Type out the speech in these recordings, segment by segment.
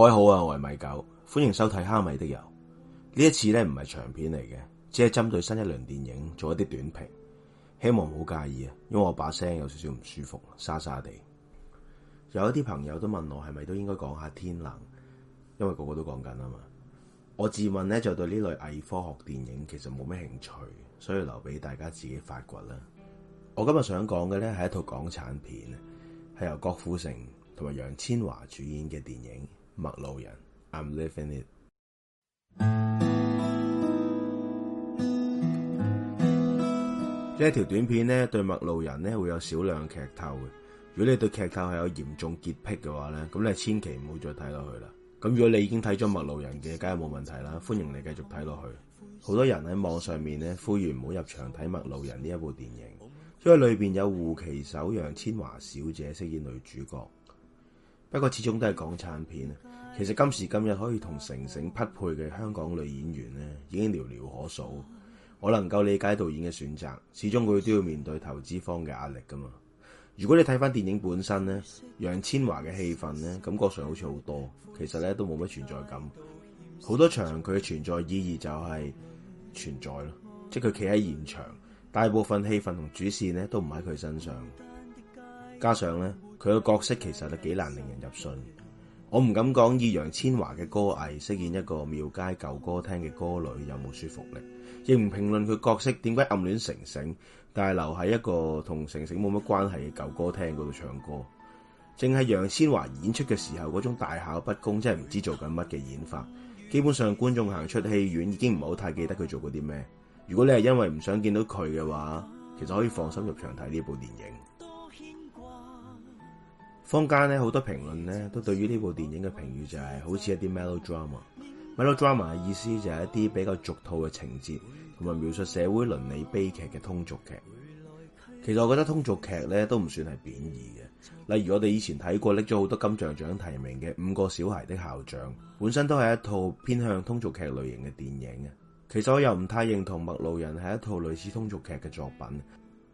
各位好啊，我係米九，歡迎收睇蝦米的油。呢一次咧唔係長片嚟嘅，只係針對新一輪電影做一啲短評，希望唔好介意啊。因為我把聲有少少唔舒服，沙沙地。有一啲朋友都問我係咪都應該講下天能，因為個個都講緊啊嘛。我自問咧就對呢類偽科學電影其實冇咩興趣，所以留俾大家自己發掘啦。我今日想講嘅咧係一套港產片，係由郭富城同埋楊千嬅主演嘅電影。麥路人，I'm living it。呢一條短片咧，對麥路人咧會有少量嘅劇透嘅。如果你對劇透係有嚴重潔癖嘅話咧，咁你千祈唔好再睇落去啦。咁如果你已經睇咗麥路人嘅，梗係冇問題啦。歡迎你繼續睇落去。好多人喺網上面咧呼籲唔好入場睇《麥路人》呢一部電影，因為裏邊有護旗手、楊千嬅小姐飾演女主角。不過始終都係港產片。其實今時今日可以同城城匹配嘅香港女演員咧，已經寥寥可數。我能夠理解導演嘅選擇，始終佢都要面對投資方嘅壓力噶嘛。如果你睇翻電影本身咧，楊千嬅嘅戲份咧，感覺上好似好多，其實咧都冇乜存在感。好多場佢嘅存在意義就係存在咯，即係佢企喺現場，大部分戲份同主線咧都唔喺佢身上。加上咧，佢嘅角色其實都幾難令人入信。我唔敢講，以楊千嬅嘅歌藝飾演一個廟街舊歌廳嘅歌女有冇說服力，亦唔評論佢角色點解暗戀城城，但係留喺一個同城城冇乜關係嘅舊歌廳嗰度唱歌，淨係楊千嬅演出嘅時候嗰種大巧不工，真係唔知做緊乜嘅演法。基本上觀眾行出戲院已經唔好太記得佢做過啲咩。如果你係因為唔想見到佢嘅話，其實可以放心入場睇呢部電影。坊間咧好多評論咧都對於呢部電影嘅評語就係好似一啲 melodrama，melodrama 嘅意思就係一啲比較俗套嘅情節，同埋描述社會倫理悲劇嘅通俗劇。其實我覺得通俗劇咧都唔算係貶義嘅。例如我哋以前睇過拎咗好多金像獎提名嘅《五個小孩的校長》，本身都係一套偏向通俗劇類型嘅電影。其實我又唔太認同《麥路人》係一套類似通俗劇嘅作品，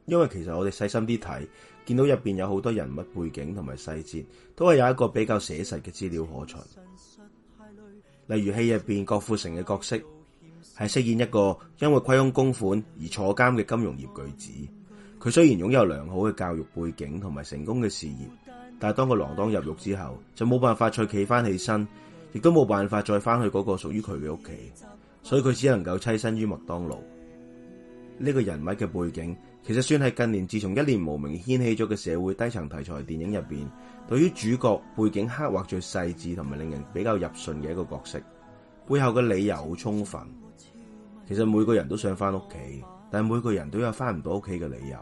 因為其實我哋細心啲睇，見到入邊有好多人物背景同埋細節，都係有一個比較寫實嘅資料可循。例如戲入邊，郭富城嘅角色係飾演一個因為虧空公款而坐監嘅金融業巨子。佢雖然擁有良好嘅教育背景同埋成功嘅事業，但係當佢鋃鐺入獄之後，就冇辦法再企翻起身，亦都冇辦法再翻去嗰個屬於佢嘅屋企，所以佢只能夠棲身於麥當勞。呢個人物嘅背景。其實算係近年自從一念無明掀起咗嘅社會低層題材電影入邊，對於主角背景刻畫最細緻同埋令人比較入信嘅一個角色，背後嘅理由好充分。其實每個人都想翻屋企，但係每個人都有翻唔到屋企嘅理由。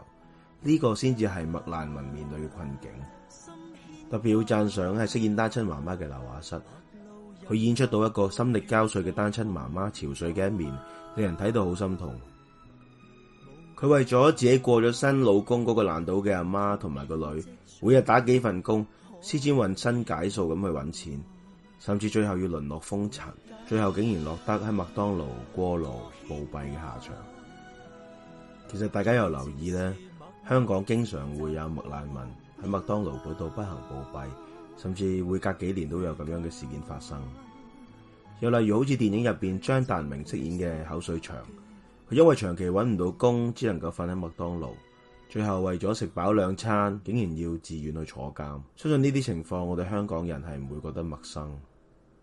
呢個先至係麥難民面對嘅困境。特別要讚賞係飾演單親媽媽嘅劉雅瑟，佢演出到一個心力交瘁嘅單親媽媽憔悴嘅一面，令人睇到好心痛。佢為咗自己過咗身老公嗰個爛賭嘅阿媽同埋個女，每日打幾份工，施展渾身解數咁去揾錢，甚至最後要淪落風塵，最後竟然落得喺麥當勞過勞暴斃嘅下場。其實大家有留意咧，香港經常會有麥難民喺麥當勞嗰度不幸暴斃，甚至會隔幾年都有咁樣嘅事件發生。又例如好似電影入邊張達明飾演嘅口水祥。佢因為長期揾唔到工，只能夠瞓喺麥當勞。最後為咗食飽兩餐，竟然要自願去坐監。相信呢啲情況，我哋香港人係唔會覺得陌生。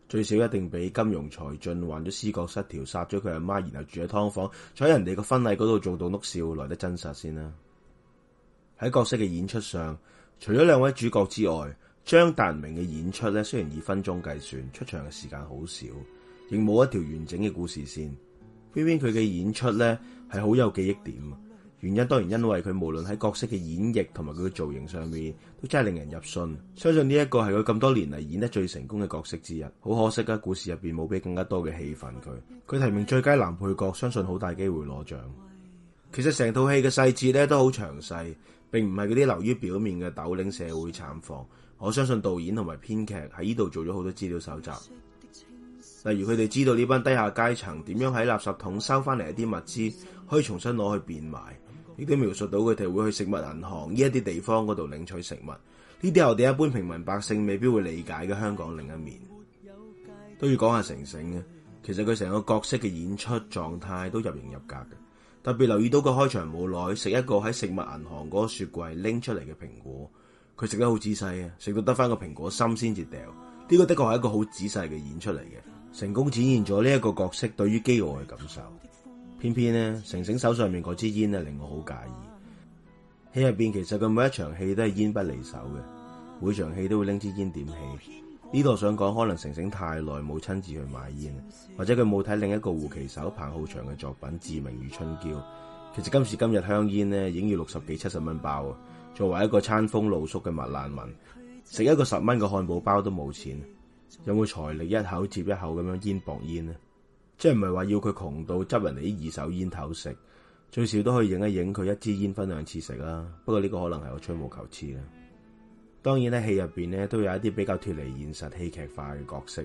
最少一定俾金融才俊患咗思覺失調，殺咗佢阿媽，然後住喺劏房，坐喺人哋個婚禮嗰度做棟篤笑。來得真實先啦。喺角色嘅演出上，除咗兩位主角之外，張達明嘅演出咧，雖然以分鐘計算，出場嘅時間好少，亦冇一條完整嘅故事線。偏偏佢嘅演出呢，係好有記憶點。原因當然因為佢無論喺角色嘅演繹同埋佢嘅造型上面，都真係令人入信。相信呢一個係佢咁多年嚟演得最成功嘅角色之一。好可惜啊，故事入邊冇俾更加多嘅戲份佢。佢提名最佳男配角，相信好大機會攞獎。其實成套戲嘅細節呢都好詳細，並唔係嗰啲留於表面嘅鬥零社會慘況。我相信導演同埋編劇喺呢度做咗好多資料搜集。例如佢哋知道呢班低下階層點樣喺垃圾桶收翻嚟一啲物資，可以重新攞去變賣。亦都描述到佢哋會去食物銀行呢一啲地方嗰度領取食物。呢啲我哋一般平民百姓未必會理解嘅香港另一面。都要講下成成嘅，其實佢成個角色嘅演出狀態都入型入格嘅。特別留意到佢開場冇耐食一個喺食物銀行嗰個雪櫃拎出嚟嘅蘋果，佢食得好仔細啊！食到得翻個蘋果心先至掉，呢個的確係一個好仔細嘅演出嚟嘅。成功展現咗呢一個角色對於飢餓嘅感受，偏偏呢，城城手上面嗰支煙啊，令我好介意。戲入邊其實佢每一場戲都係煙不離手嘅，每場戲都會拎支煙點起。呢度想講，可能城城太耐冇親自去買煙，或者佢冇睇另一個護旗手彭浩翔嘅作品《志明與春嬌》。其實今時今日香煙咧，已經要六十幾七十蚊包啊！作為一個餐風露宿嘅麥難民，食一個十蚊嘅漢堡包都冇錢。有冇財力一口接一口咁樣煙搏煙咧？即係唔係話要佢窮到執人哋啲二手煙頭食，最少都可以影一影佢一支煙分兩次食啦。不過呢個可能係個吹毛求疵啦。當然咧，戲入邊咧都有一啲比較脱離現實、戲劇化嘅角色，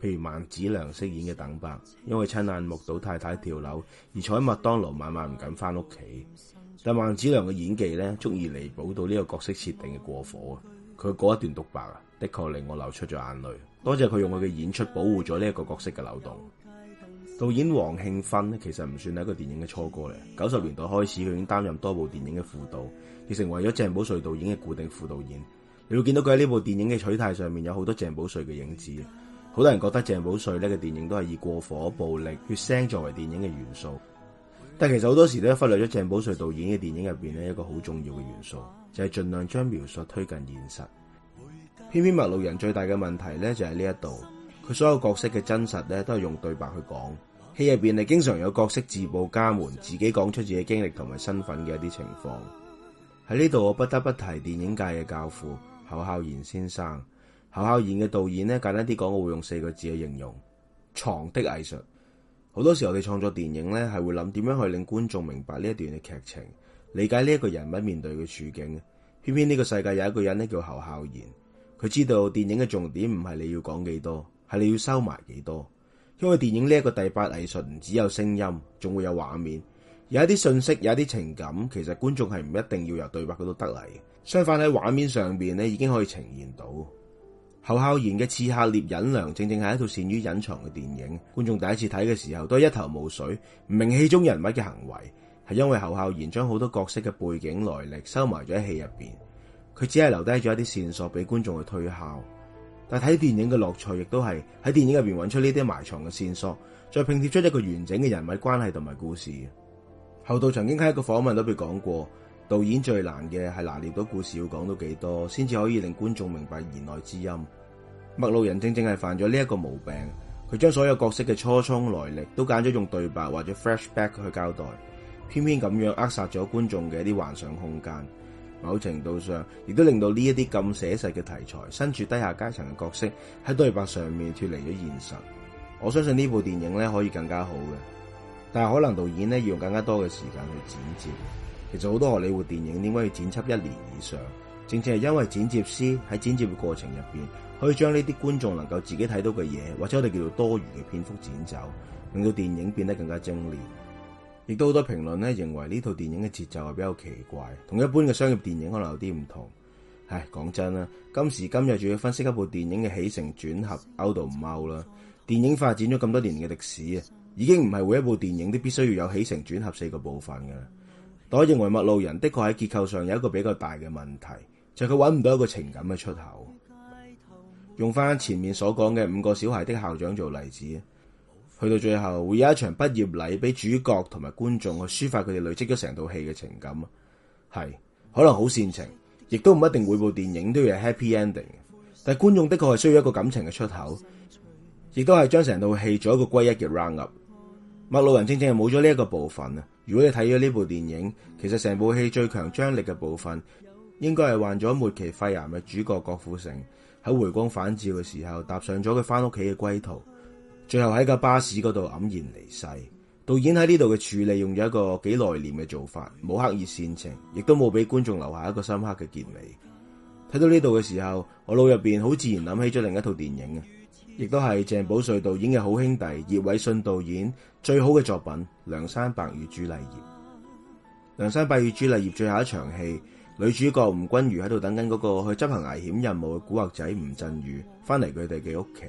譬如萬梓良飾演嘅等伯，因為親眼目睹太太跳樓而坐喺麥當勞晚晚唔敢翻屋企。但萬梓良嘅演技咧，足以彌補到呢個角色設定嘅過火啊。佢嗰一段獨白啊，的確令我流出咗眼淚。多謝佢用佢嘅演出保護咗呢一個角色嘅漏洞。導演黃慶勳其實唔算係一個電影嘅初哥嚟。九十年代開始，佢已經擔任多部電影嘅副導，亦成為咗鄭保瑞導演嘅固定副導演。你會見到佢喺呢部電影嘅取態上面，有好多鄭保瑞嘅影子。好多人覺得鄭保瑞呢嘅電影都係以過火暴力、血腥作為電影嘅元素，但其實好多時都忽略咗鄭保瑞導演嘅電影入邊呢一個好重要嘅元素。就係盡量將描述推近現實，偏偏麥路人最大嘅問題咧就係呢一度，佢所有角色嘅真實咧都係用對白去講，戲入邊係經常有角色自報家門，自己講出自己經歷同埋身份嘅一啲情況。喺呢度我不得不提電影界嘅教父侯孝賢先生，侯孝賢嘅導演咧簡單啲講，我會用四個字去形容藏，的藝術。好多時候你創作電影咧係會諗點樣去令觀眾明白呢一段嘅劇情，理解呢一個人物面對嘅處境，偏偏呢個世界有一個人咧叫侯孝賢，佢知道電影嘅重點唔係你要講幾多，係你要收埋幾多。因為電影呢一個第八藝術，唔只有聲音，仲會有畫面，有一啲信息，有一啲情感，其實觀眾係唔一定要由對白嗰度得嚟。相反喺畫面上邊咧，已經可以呈現到侯孝賢嘅《刺客聶隱娘》正正係一套善於隱藏嘅電影。觀眾第一次睇嘅時候都係一頭霧水，唔明戲中人物嘅行為。係因為侯孝賢將好多角色嘅背景來歷收埋咗喺戲入邊，佢只係留低咗一啲線索俾觀眾去推敲。但係睇電影嘅樂趣亦都係喺電影入邊揾出呢啲埋藏嘅線索，再拼貼出一個完整嘅人物關係同埋故事。侯導曾經喺一個訪問度都講過，導演最難嘅係拿捏到故事要講到幾多，先至可以令觀眾明白言外之音。麥路人正正係犯咗呢一個毛病，佢將所有角色嘅初衷來歷都揀咗用對白或者 flashback 去交代。偏偏咁樣扼殺咗觀眾嘅一啲幻想空間，某程度上亦都令到呢一啲咁寫實嘅題材，身處低下階層嘅角色喺對白上面脫離咗現實。我相信呢部電影咧可以更加好嘅，但係可能導演呢要用更加多嘅時間去剪接。其實好多荷里活電影點解要剪輯一年以上，正正係因為剪接師喺剪接嘅過程入邊，可以將呢啲觀眾能夠自己睇到嘅嘢，或者我哋叫做多餘嘅篇幅剪走，令到電影變得更加精煉。亦都好多評論咧，認為呢套電影嘅節奏係比較奇怪，同一般嘅商業電影可能有啲唔同。唉，講真啦，今時今日仲要分析一部電影嘅起承轉合 out 到唔 out 啦？電影發展咗咁多年嘅歷史啊，已經唔係每一部電影都必須要有起承轉合四個部分㗎啦。但我認為《麥路人》的確喺結構上有一個比較大嘅問題，就係佢搵唔到一個情感嘅出口。用返前面所講嘅五個小孩的校長做例子。去到最後會有一場畢業禮，俾主角同埋觀眾去抒發佢哋累積咗成套戲嘅情感，係可能好煽情，亦都唔一定每部電影都要 happy ending，但係觀眾的確係需要一個感情嘅出口，亦都係將成套戲做一個歸一嘅 round up。麥路人正正係冇咗呢一個部分啊！如果你睇咗呢部電影，其實成部戲最強張力嘅部分，應該係患咗末期肺癌嘅主角郭富城喺回光返照嘅時候，踏上咗佢翻屋企嘅歸途。最後喺架巴士嗰度黯然離世。導演喺呢度嘅處理用咗一個幾內斂嘅做法，冇刻意煽情，亦都冇俾觀眾留下一個深刻嘅結尾。睇到呢度嘅時候，我腦入邊好自然諗起咗另一套電影啊，亦都係鄭保瑞導演嘅好兄弟葉偉信導演最好嘅作品《梁山伯與朱麗葉》。《梁山伯與朱麗葉》最後一場戲，女主角吳君如喺度等緊嗰個去執行危險任務嘅古惑仔吳鎮宇翻嚟佢哋嘅屋企。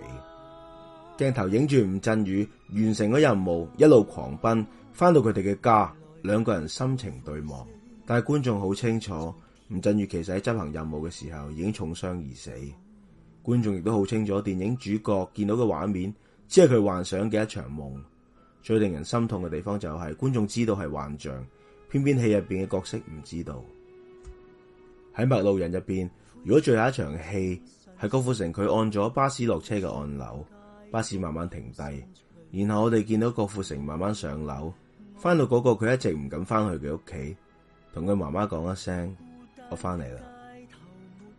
鏡頭影住吳鎮宇完成咗任務，一路狂奔翻到佢哋嘅家，兩個人深情對望。但係觀眾好清楚，吳鎮宇其實喺執行任務嘅時候已經重傷而死。觀眾亦都好清楚，電影主角見到嘅畫面只係佢幻想嘅一場夢。最令人心痛嘅地方就係、是、觀眾知道係幻象，偏偏戲入邊嘅角色唔知道。喺《麥路人》入邊，如果最後一場戲係郭富城佢按咗巴士落車嘅按鈕。巴士慢慢停低，然後我哋見到郭富城慢慢上樓，翻到嗰個佢一直唔敢翻去佢屋企，同佢媽媽講一聲：我翻嚟啦。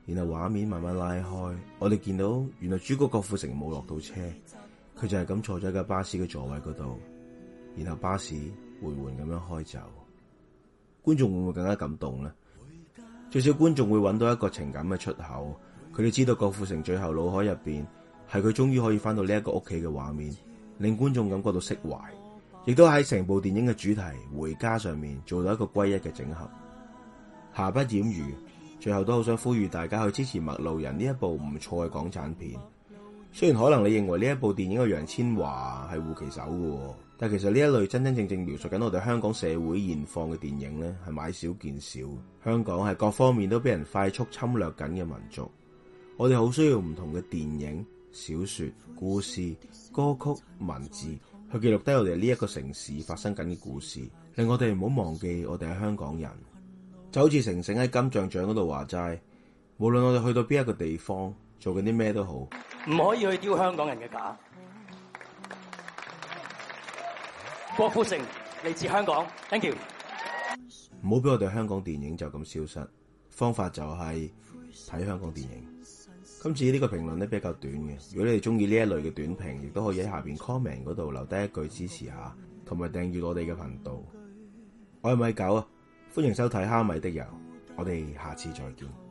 然後畫面慢慢拉開，我哋見到原來主角郭富城冇落到車，佢就係咁坐咗喺巴士嘅座位嗰度，然後巴士緩緩咁樣開走。觀眾會唔會更加感動咧？最少觀眾會揾到一個情感嘅出口，佢哋知道郭富城最後腦海入邊係佢終於可以翻到呢一個屋企嘅畫面，令觀眾感覺到釋懷，亦都喺成部電影嘅主題回家上面做到一個歸一嘅整合。瑕不掩瑜，最後都好想呼籲大家去支持麥路人呢一部唔錯嘅港產片。雖然可能你認為呢一部電影嘅楊千嬅係護旗手嘅，但其實呢一類真真正正描述緊我哋香港社會現況嘅電影咧，係買少見少。香港係各方面都俾人快速侵略緊嘅民族，我哋好需要唔同嘅電影。小說、故事、歌曲、文字，去記錄低我哋呢一個城市發生緊嘅故事，令我哋唔好忘記我哋係香港人。就好似城城喺金像獎嗰度話齋，無論我哋去到邊一個地方，做緊啲咩都好，唔可以去丟香港人嘅架。郭富城嚟自香港，thank you。唔好俾我哋香港電影就咁消失，方法就係睇香港電影。今次呢個評論咧比較短嘅，如果你哋鍾意呢一類嘅短評，亦都可以喺下邊 comment 嗰度留低一句支持下，同埋訂閱我哋嘅頻道。我係米九啊，歡迎收睇《蝦米的油》，我哋下次再見。